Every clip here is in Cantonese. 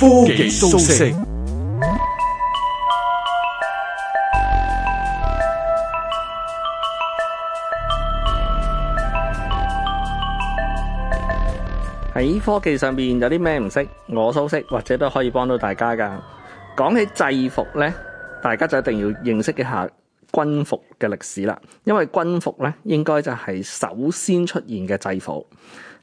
科技蘇識。喺 科技上面有啲咩唔識，我蘇識或者都可以幫到大家噶。講起制服呢，大家就一定要認識一下軍服嘅歷史啦，因為軍服呢，應該就係首先出現嘅制服。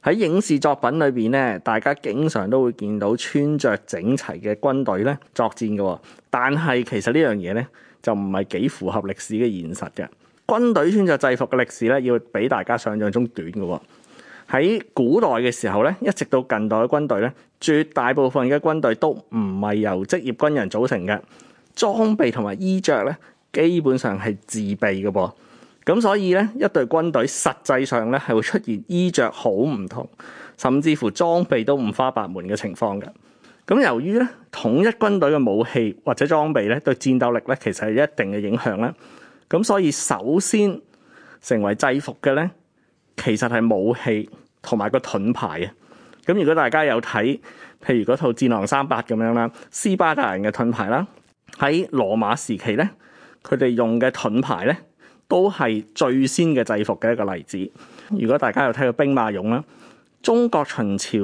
喺影視作品裏邊咧，大家經常都會見到穿着整齊嘅軍隊咧作戰嘅，但係其實呢樣嘢咧就唔係幾符合歷史嘅現實嘅。軍隊穿着制服嘅歷史咧，要比大家想象中短嘅。喺古代嘅時候咧，一直到近代嘅軍隊咧，絕大部分嘅軍隊都唔係由職業軍人組成嘅，裝備同埋衣着咧，基本上係自備嘅噃。咁所以咧，一隊軍隊實際上咧係會出現衣着好唔同，甚至乎裝備都五花八門嘅情況嘅。咁由於咧統一軍隊嘅武器或者裝備咧，對戰鬥力咧其實係一定嘅影響啦。咁所以首先成為制服嘅咧，其實係武器同埋個盾牌啊。咁如果大家有睇，譬如嗰套《戰狼三八》咁樣啦，斯巴達人嘅盾牌啦，喺羅馬時期咧，佢哋用嘅盾牌咧。都係最先嘅制服嘅一個例子。如果大家有睇過兵馬俑啦，中國秦朝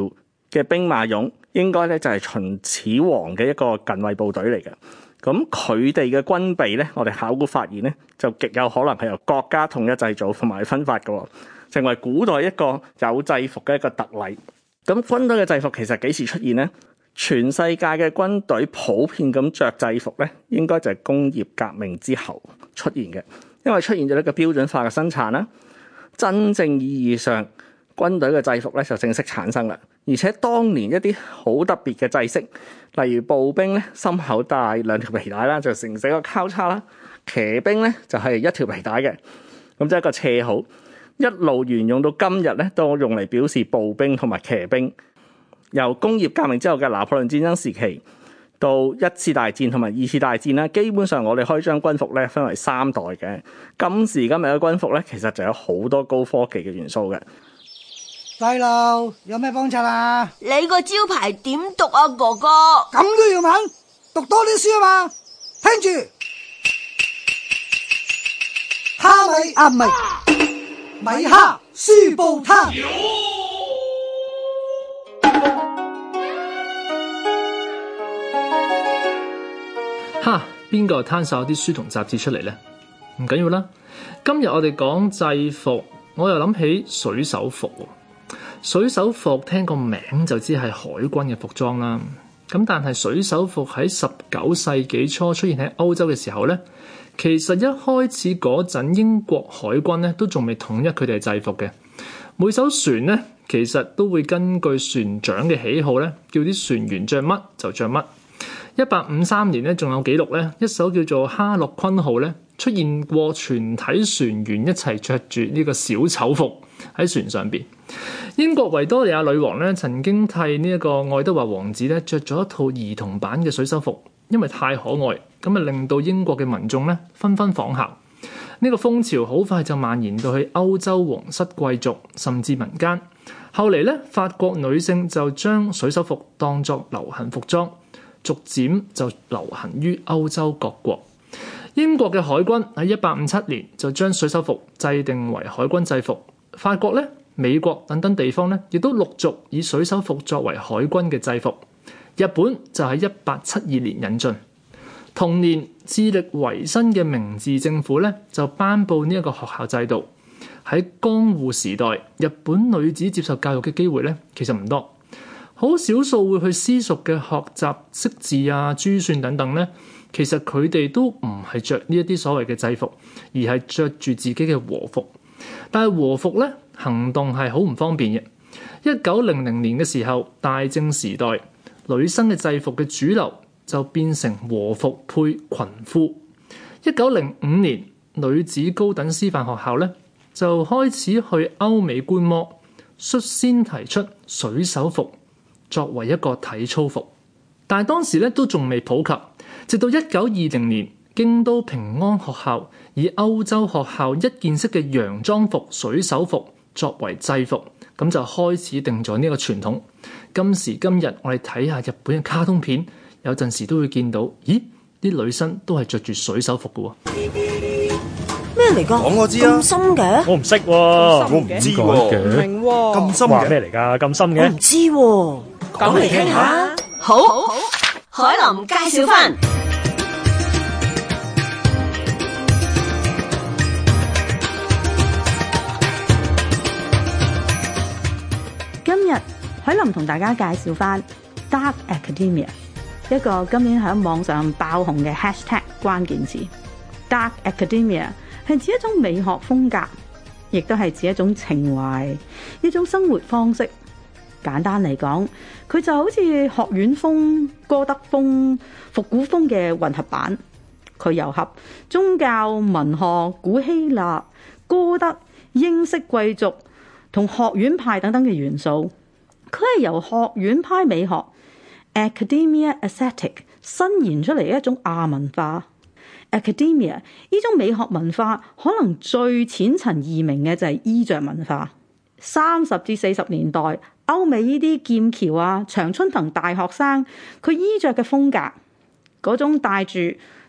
嘅兵馬俑應該咧就係秦始皇嘅一個近衛部隊嚟嘅。咁佢哋嘅軍備咧，我哋考古發現咧，就極有可能係由國家統一製造同埋分發嘅，成為古代一個有制服嘅一個特例。咁軍隊嘅制服其實幾時出現咧？全世界嘅軍隊普遍咁着制服咧，應該就係工業革命之後出現嘅。因為出現咗一個標準化嘅生產啦，真正意義上軍隊嘅制服咧就正式產生啦。而且當年一啲好特別嘅制式，例如步兵咧心口帶兩條皮帶啦，就形成一個交叉啦；騎兵咧就係一條皮帶嘅，咁即係一個斜號，一路沿用到今日咧都用嚟表示步兵同埋騎兵。由工業革命之後嘅拿破崙戰爭時期。到一次大戰同埋二次大戰啦，基本上我哋可以將軍服呢分為三代嘅。今時今日嘅軍服呢，其實就有好多高科技嘅元素嘅。細路，有咩幫襯啊？你個招牌點讀啊，哥哥？咁都要問？讀多啲書啊嘛！聽住，哈米啊咪米，米哈書布塔。啊！邊個攤曬啲書同雜誌出嚟呢？唔緊要啦。今日我哋講制服，我又諗起水手服。水手服聽個名就知係海軍嘅服裝啦。咁但係水手服喺十九世紀初出現喺歐洲嘅時候呢，其實一開始嗰陣英國海軍咧都仲未統一佢哋嘅制服嘅。每艘船呢，其實都會根據船長嘅喜好咧，叫啲船員着乜就着乜。一八五三年咧，仲有記錄咧，一艘叫做《哈洛昆號》咧，出現過全體船員一齊着住呢個小丑服喺船上邊。英國維多利亞女王咧，曾經替呢一個愛德華王子咧着咗一套兒童版嘅水手服，因為太可愛，咁啊令到英國嘅民眾咧紛紛仿效。呢個風潮好快就蔓延到去歐洲皇室貴族，甚至民間。後嚟咧，法國女性就將水手服當作流行服裝。逐漸就流行於歐洲各國，英國嘅海軍喺一八五七年就將水手服制定為海軍制服，法國咧、美國等等地方咧，亦都陸續以水手服作為海軍嘅制服。日本就喺一八七二年引進，同年致力維新嘅明治政府咧就頒布呢一個學校制度。喺江戶時代，日本女子接受教育嘅機會咧其實唔多。好少數會去私塾嘅學習識字啊、珠算等等咧。其實佢哋都唔係着呢一啲所謂嘅制服，而係着住自己嘅和服。但係和服咧行動係好唔方便嘅。一九零零年嘅時候，大正時代女生嘅制服嘅主流就變成和服配裙褲。一九零五年女子高等師範學校咧就開始去歐美觀摩，率先提出水手服。作為一個體操服，但係當時咧都仲未普及，直到一九二零年京都平安學校以歐洲學校一件式嘅洋裝服水手服作為制服，咁就開始定咗呢個傳統。今時今日我哋睇下日本嘅卡通片，有陣時都會見到，咦？啲女生都係着住水手服嘅喎。咩嚟噶？講我知我啊，咁深嘅？我唔識喎，我唔知喎，我唔明啊，咁深嘅？咩嚟噶？咁深嘅？我唔知喎。講嚟聽下，好，好。海琳介紹翻。今日海琳同大家介紹翻 Dark Academia 一個今年喺網上爆紅嘅 Hashtag 關鍵詞。Dark Academia 係指一種美學風格，亦都係指一種情懷，一種生活方式。簡單嚟講，佢就好似學院風、歌德風、復古風嘅混合版。佢融合宗教、文學、古希臘、歌德、英式貴族同學院派等等嘅元素。佢係由學院派美學 （Academia Aesthetic） 伸延出嚟一種亞文化 （Academia）。呢種美學文化可能最淺層易明嘅就係衣著文化。三十至四十年代。歐美呢啲劍橋啊、長春藤大學生，佢衣着嘅風格，嗰種帶住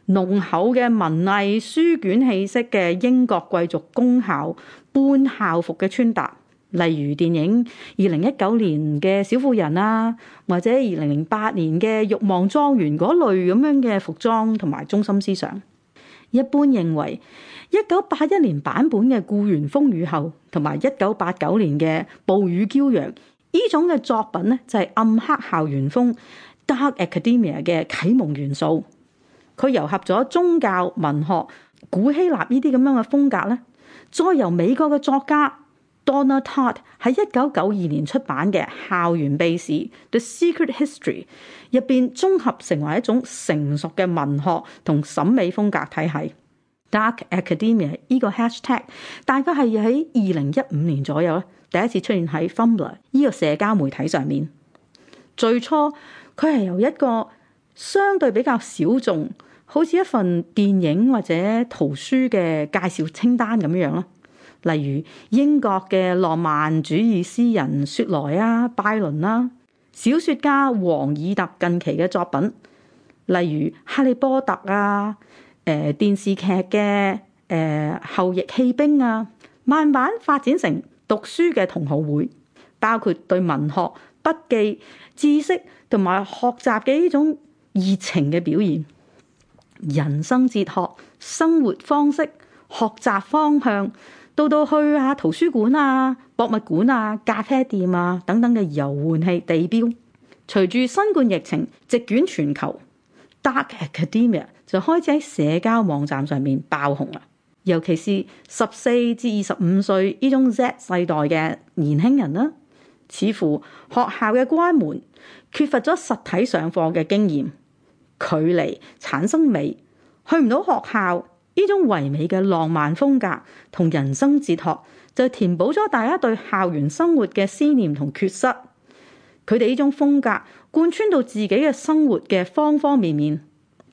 濃厚嘅文藝書卷氣息嘅英國貴族公校，半校服嘅穿搭，例如電影二零一九年嘅《小婦人》啊，或者二零零八年嘅《慾望莊園》嗰類咁樣嘅服裝同埋中心思想，一般認為一九八一年版本嘅《故園風雨後》同埋一九八九年嘅《暴雨驕陽》。呢種嘅作品咧，就係暗黑校園風 dark academia 嘅啟蒙元素。佢糅合咗宗教文學、古希臘呢啲咁樣嘅風格咧，再由美國嘅作家 Donna Tartt 喺一九九二年出版嘅《校園秘史 The Secret History》入邊綜合成為一種成熟嘅文學同審美風格體系。Dark Academia 呢個 hashtag，大概係喺二零一五年左右咧，第一次出現喺 Tumblr 呢個社交媒體上面。最初佢係由一個相對比較小眾，好似一份電影或者圖書嘅介紹清單咁樣咯。例如英國嘅浪漫主義詩人雪萊啊、拜倫啦、啊，小說家王爾德近期嘅作品，例如《哈利波特》啊。誒、呃、電視劇嘅誒後翼棄兵啊，慢慢發展成讀書嘅同學會，包括對文學筆記知識同埋學習嘅呢種熱情嘅表現，人生哲學、生活方式、學習方向，到到去啊圖書館啊、博物館啊、咖啡店啊等等嘅遊玩地標。隨住新冠疫情席捲全球，Dark Academia，就開始喺社交網站上面爆紅啦，尤其是十四至二十五歲呢種 Z 世代嘅年輕人啦，似乎學校嘅關門缺乏咗實體上課嘅經驗，距離產生美，去唔到學校呢種唯美嘅浪漫風格同人生哲學，就填補咗大家對校園生活嘅思念同缺失。佢哋呢種風格貫穿到自己嘅生活嘅方方面面。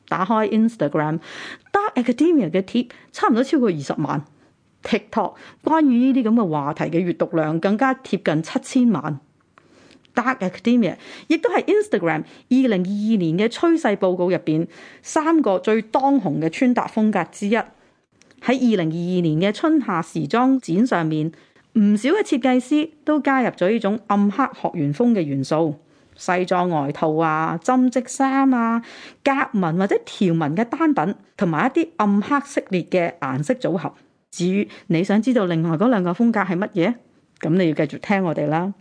打開 Instagram，Dark Academia 嘅貼差唔多超過二十萬；TikTok 關於呢啲咁嘅話題嘅閱讀量更加貼近七千萬。Dark Academia 亦都係 Instagram 二零二二年嘅趨勢報告入邊三個最當紅嘅穿搭風格之一。喺二零二二年嘅春夏時裝展上面，唔少嘅設計師都加入咗呢種暗黑學院風嘅元素。西裝外套啊，針織衫啊，格紋或者條紋嘅單品，同埋一啲暗黑色列嘅顏色組合。至於你想知道另外嗰兩個風格係乜嘢？咁你要繼續聽我哋啦。